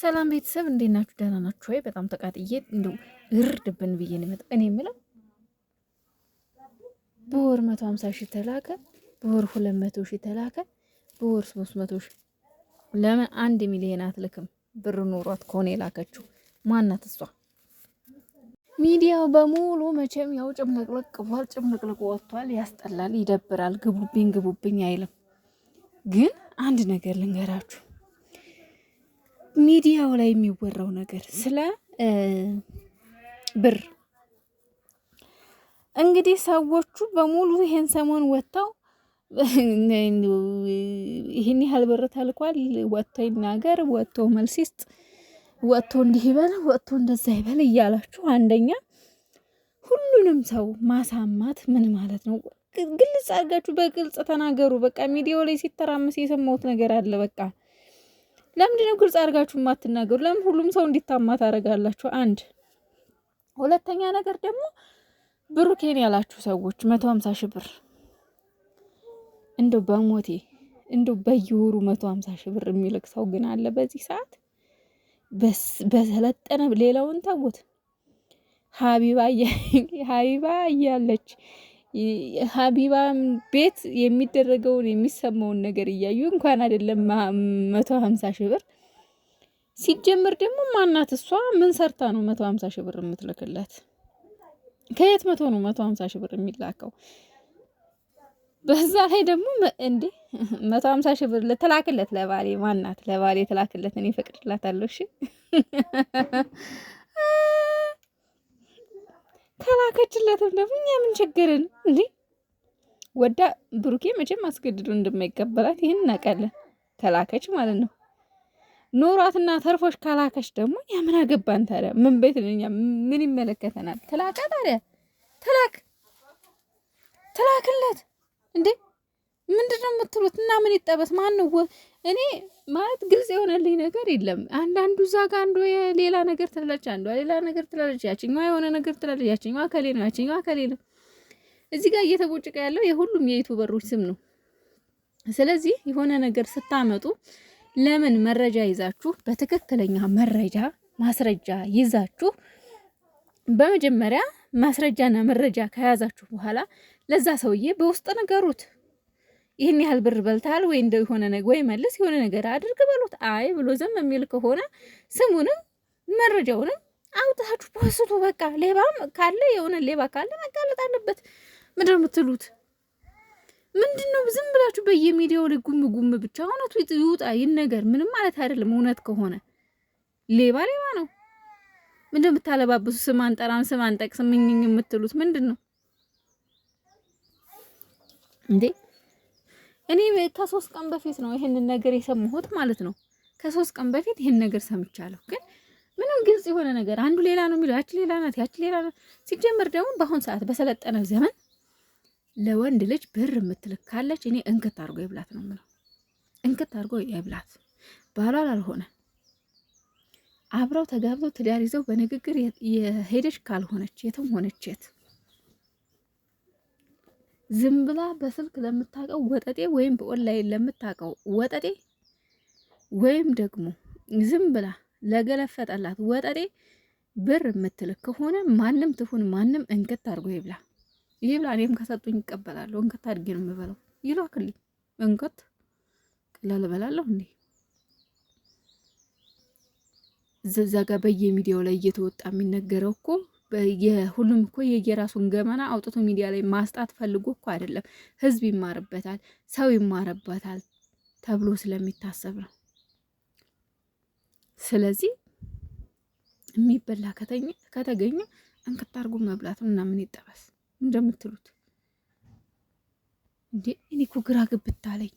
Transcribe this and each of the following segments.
ሰላም ቤተሰብ እንዴት ናችሁ? ደህና ናችሁ ወይ? በጣም ተቃጥዬ እንደው እርድብን ብዬ ነው የመጣው። እኔ የምለው በወር መቶ ሀምሳ ሺህ ተላከ፣ በወር ሁለት መቶ ሺህ ተላከ፣ በወር ሶስት መቶ ሺህ ለምን አንድ ሚሊዮን አትልክም? ብር ኖሯት ከሆነ የላከችው ማናት እሷ? ሚዲያው በሙሉ መቼም ያው ጭምልቅልቅ ብሏል፣ ጭምልቅልቅ ወጥቷል። ያስጠላል፣ ይደብራል። ግቡብኝ ግቡብኝ አይልም። ግን አንድ ነገር ልንገራችሁ ሚዲያው ላይ የሚወራው ነገር ስለ ብር እንግዲህ ሰዎቹ በሙሉ ይሄን ሰሞን ወጥተው ይህን ያህል ብር ተልኳል፣ ወጥቶ ይናገር፣ ወጥቶ መልስ ይስጥ፣ ወጥቶ እንዲህ ይበል፣ ወጥቶ እንደዛ ይበል እያላችሁ አንደኛ ሁሉንም ሰው ማሳማት ምን ማለት ነው? ግልጽ አድርጋችሁ በግልጽ ተናገሩ። በቃ ሚዲያው ላይ ሲተራመስ የሰማሁት ነገር አለ በቃ ለምንድነው ግልጽ አድርጋችሁ የማትናገሩ? ለምን ሁሉም ሰው እንዲታማ ታደርጋላችሁ? አንድ ሁለተኛ ነገር ደግሞ ብሩኬን ያላችሁ ሰዎች መቶ ሀምሳ ሺህ ብር እንደው በሞቴ እንደው በየወሩ መቶ ሀምሳ ሺህ ብር የሚልቅ ሰው ግን አለ በዚህ ሰዓት በሰለጠነ ሌላውን ተውት። ሀቢባ ሀቢባ እያለች ሀቢባ ቤት የሚደረገውን የሚሰማውን ነገር እያዩ እንኳን አይደለም መቶ ሀምሳ ሺህ ብር ሲጀምር ደግሞ ማናት እሷ ምን ሰርታ ነው መቶ ሀምሳ ሺህ ብር የምትልክለት? ከየት መቶ ነው መቶ ሀምሳ ሺህ ብር የሚላከው? በዛ ላይ ደግሞ እንዴ መቶ ሀምሳ ሺህ ብር ልትላክለት ለባሌ ማናት? ለባሌ ትላክለት እኔ ፈቅድላታለሁ። እሺ ከላከችለትም ደግሞ እኛ ምን ቸገረን እንዴ? ወዳ ብሩኬ መቼም አስገድዶ እንደማይቀበላት ይህን እናውቃለን። ተላከች ማለት ነው። ኖሯትና ተርፎች ካላከች ደግሞ እኛ ምን አገባን ታዲያ? ምን ቤት ነን እኛ? ምን ይመለከተናል? ተላካ ታዲያ ተላክ ተላክለት እንዴ ምንድን ነው የምትሉት? እና ምን ይጠበስ ማን እኔ ማለት ግልጽ የሆነልኝ ነገር የለም። አንዳንዱ እዛ ጋ አንዱ ሌላ ነገር ትላለች፣ አንዷ ሌላ ነገር ትላለች፣ ያችኛዋ የሆነ ነገር ትላለች፣ ያችኛዋ ከሌ ነው፣ ያችኛዋ ከሌ ነው። እዚህ ጋር እየተቦጭቀ ያለው የሁሉም የዩቱበሮች ስም ነው። ስለዚህ የሆነ ነገር ስታመጡ ለምን መረጃ ይዛችሁ በትክክለኛ መረጃ ማስረጃ ይዛችሁ በመጀመሪያ ማስረጃና መረጃ ከያዛችሁ በኋላ ለዛ ሰውዬ በውስጥ ነገሩት። ይህን ያህል ብር በልታል ወይ እንደ የሆነ ወይ መልስ የሆነ ነገር አድርግ በሉት። አይ ብሎ ዝም የሚል ከሆነ ስሙንም መረጃውንም አውጥታችሁ ፖስቱ። በቃ ሌባም ካለ የሆነ ሌባ ካለ መጋለጥ አለበት። ምድር የምትሉት? ምንድን ነው ዝም ብላችሁ በየሚዲያው ላይ ጉም ጉም ብቻ? እውነቱ ይውጣ ነገር ምንም ማለት አይደለም። እውነት ከሆነ ሌባ ሌባ ነው። ምንድን የምታለባብሱ? ስም አንጠራም፣ ስም አንጠቅስም የምትሉት ምንድን ነው እንዴ? እኔ ከሶስት ቀን በፊት ነው ይሄንን ነገር የሰማሁት ማለት ነው። ከሶስት ቀን በፊት ይሄን ነገር ሰምቻለሁ፣ ግን ምንም ግልጽ የሆነ ነገር አንዱ ሌላ ነው የሚለው፣ ያቺ ሌላ ናት፣ ያቺ ሌላ ናት። ሲጀመር ደግሞ በአሁን ሰዓት በሰለጠነው ዘመን ለወንድ ልጅ ብር የምትልካለች እኔ እንክት አድርጎ የብላት ነው የምለው፣ እንክት አድርጎ የብላት ባሏ ላልሆነ አብረው ተጋብተው ትዳር ይዘው በንግግር የሄደች ካልሆነች የትም ሆነች የት ዝም ብላ በስልክ ለምታውቀው ወጠጤ ወይም በኦንላይን ለምታውቀው ወጠጤ ወይም ደግሞ ዝም ብላ ለገለፈጠላት ወጠጤ ብር የምትልክ ከሆነ ማንም ትሁን ማንም እንክት አድርጎ ይብላ ይብላ። እኔም ከሰጡኝ ይቀበላለሁ። እንክት አድርጌ ነው የምበለው። ይላክልኝ እንክት ቀላል እበላለሁ እንዴ እዛ በየሚዲያው ላይ እየተወጣ የሚነገረው እኮ የሁሉም እኮ የየራሱን ገመና አውጥቶ ሚዲያ ላይ ማስጣት ፈልጎ እኮ አይደለም። ህዝብ ይማርበታል፣ ሰው ይማርበታል ተብሎ ስለሚታሰብ ነው። ስለዚህ የሚበላ ከተገኘ እንክት አድርጎ መብላት እና ምን ይጠበስ እንደምትሉት እንዴ እኔ እኮ ግራ ግብታለኝ።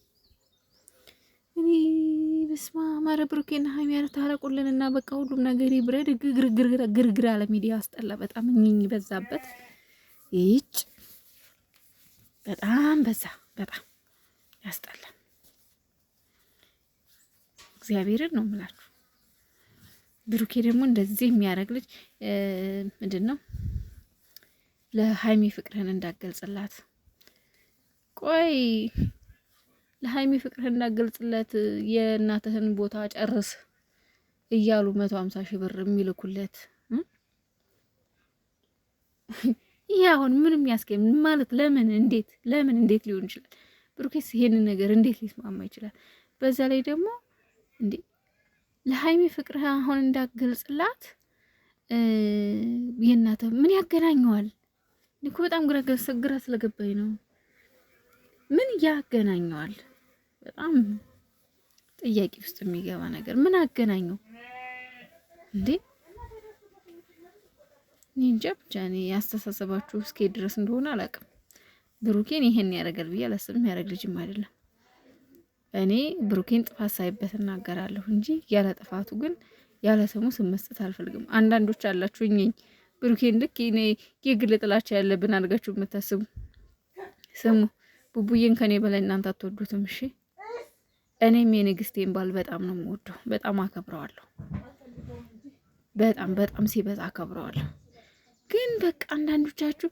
በስመ ማረ ብሩኬና ሀይሚ ታረቁልን ታረቁልንና በቃ ሁሉም ነገር ይብረድ። ግርግርግርግር አለ ሚዲያ አስጠላ በጣም እኝኝ በዛበት ይጭ በጣም በዛ በጣም ያስጠላ። እግዚአብሔርን ነው የምላችሁ። ብሩኬ ደግሞ እንደዚህ የሚያደርግ ልጅ ምንድን ነው? ለሀይሚ ፍቅርህን እንዳገልጽላት ቆይ ለሀይሚ ፍቅርህና ግልጽለት የእናትህን ቦታ ጨርስ እያሉ መቶ ሀምሳ ሺህ ብር የሚልኩለት ይሄ አሁን ምንም ያስገኝ ማለት ለምን እንዴት ለምን እንዴት ሊሆን ይችላል? ብሩኬስ ይሄንን ነገር እንዴት ሊስማማ ይችላል? በዛ ላይ ደግሞ እንዴ ለሀይሚ ፍቅርህ አሁን እንዳገልጽላት የእናተ ምን ያገናኘዋል? እኔ እኮ በጣም ግራ ስለገባኝ ነው። ምን ያገናኘዋል? በጣም ጥያቄ ውስጥ የሚገባ ነገር ምን አገናኘው እንዴ? እኔ እንጃ ብቻ እኔ ያስተሳሰባችሁ እስኪ ድረስ እንደሆነ አላውቅም። ብሩኬን ይሄን ያደርጋል ብዬ አላስብም። ያደርግ ልጅም አይደለም። እኔ ብሩኬን ጥፋት ሳይበት እናገራለሁ እንጂ ያለ ጥፋቱ ግን ያለ ስሙ ስም መስጠት አልፈልግም። አንዳንዶች አላችሁ እኝኝ ብሩኬን ልክ እኔ የግል ጥላቻ ያለብን አድርጋችሁ የምታስቡ ስሙ ቡቡዬን ከኔ በላይ እናንተ አትወዱትም። እሺ እኔም የንግስቴን ባል በጣም ነው የምወደው። በጣም አከብረዋለሁ። በጣም በጣም ሲበዛ አከብረዋለሁ። ግን በቃ አንዳንዶቻችሁ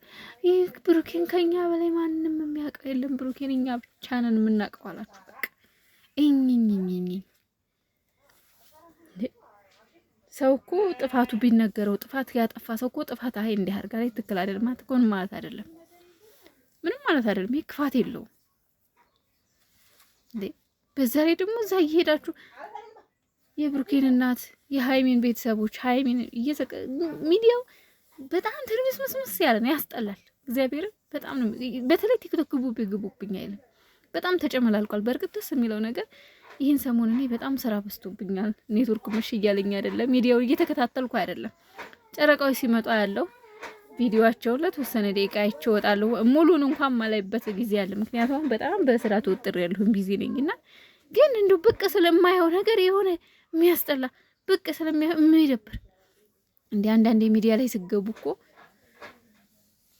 ይህ ብሩኬን ከኛ በላይ ማንም የሚያውቀው የለም፣ ብሩኬን እኛ ብቻ ነን የምናውቀው አላችሁ። እኝኝኝኝ ሰው እኮ ጥፋቱ ቢነገረው ጥፋት ያጠፋ ሰው እኮ ጥፋት አይ እንዲህ አድርጋ ላይ ትክክል አይደለም ማለት ማለት አይደለም፣ ምንም ማለት አይደለም። ይህ ክፋት የለውም። በዛ ላይ ደግሞ እዛ እየሄዳችሁ የብሩኬን እናት የሀይሚን ቤተሰቦች ሀይሚን ሚዲያው በጣም ትርምስ ምስምስ ያለ ነው፣ ያስጠላል። እግዚአብሔር በጣም ነው። በተለይ ቲክቶክ ግቡብ ግቡብኝ አይልም፣ በጣም ተጨመላልቋል። በእርግጥ ደስ የሚለው ነገር ይህን ሰሞን እኔ በጣም ስራ በዝቶብኛል። ኔትወርክ መሽ እያለኝ አይደለም፣ ሚዲያው እየተከታተልኩ አይደለም። ጨረቃዎች ሲመጣ ያለው ቪዲዮቸው ለተወሰነ ደቂቃ አይቼ እወጣለሁ። ሙሉን እንኳን ማላይበት ጊዜ አለ። ምክንያቱም በጣም በስራ ተወጥሬ ያለሁኝ ቢዚ እና ግን እንደው ብቅ ስለማየው ነገር የሆነ የሚያስጠላ ብቅ ስለሚደብር እንዲ አንዳንድ ሚዲያ ላይ ስገቡ እኮ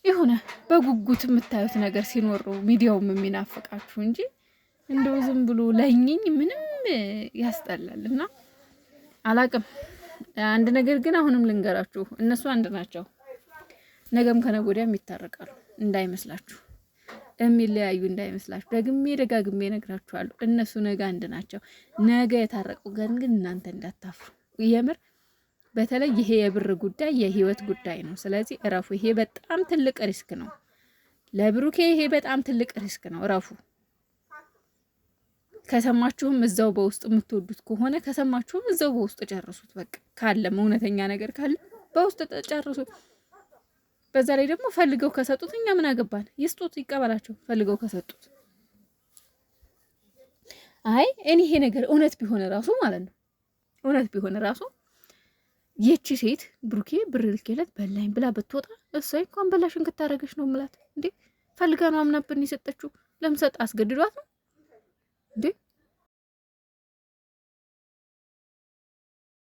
የሆነ በጉጉት የምታዩት ነገር ሲኖሩ ሚዲያውም የሚናፍቃችሁ እንጂ እንደው ዝም ብሎ ለኝኝ ምንም ያስጠላል እና አላቅም። አንድ ነገር ግን አሁንም ልንገራችሁ፣ እነሱ አንድ ናቸው። ነገም ከነገ ወዲያም ይታረቃሉ እንዳይመስላችሁ የሚለያዩ እንዳይመስላችሁ። ደግሜ ደጋግሜ እነግራችኋለሁ። እነሱ ነገ አንድ ናቸው። ነገ የታረቁ ገን ግን እናንተ እንዳታፍሩ። የምር በተለይ ይሄ የብር ጉዳይ የህይወት ጉዳይ ነው። ስለዚህ እረፉ። ይሄ በጣም ትልቅ ሪስክ ነው ለብሩኬ። ይሄ በጣም ትልቅ ሪስክ ነው። እረፉ። ከሰማችሁም እዛው በውስጥ የምትወዱት ከሆነ ከሰማችሁም እዛው በውስጥ ጨርሱት። በቃ ካለም እውነተኛ ነገር ካለ በውስጥ ጨርሱት። በዛ ላይ ደግሞ ፈልገው ከሰጡት እኛ ምን አገባን? ይስጡት፣ ይቀበላቸው። ፈልገው ከሰጡት አይ እኔ ይሄ ነገር እውነት ቢሆን ራሱ ማለት ነው እውነት ቢሆን ራሱ የቺ ሴት ብሩኬ ብር ልኬለት በላኝ ብላ ብትወጣ እሷ እንኳን በላሽን ክታረገች ነው ምላት እንዴ ፈልጋ ነው አምናብን የሰጠችው ለምሰጥ አስገድዷት ነው እንዴ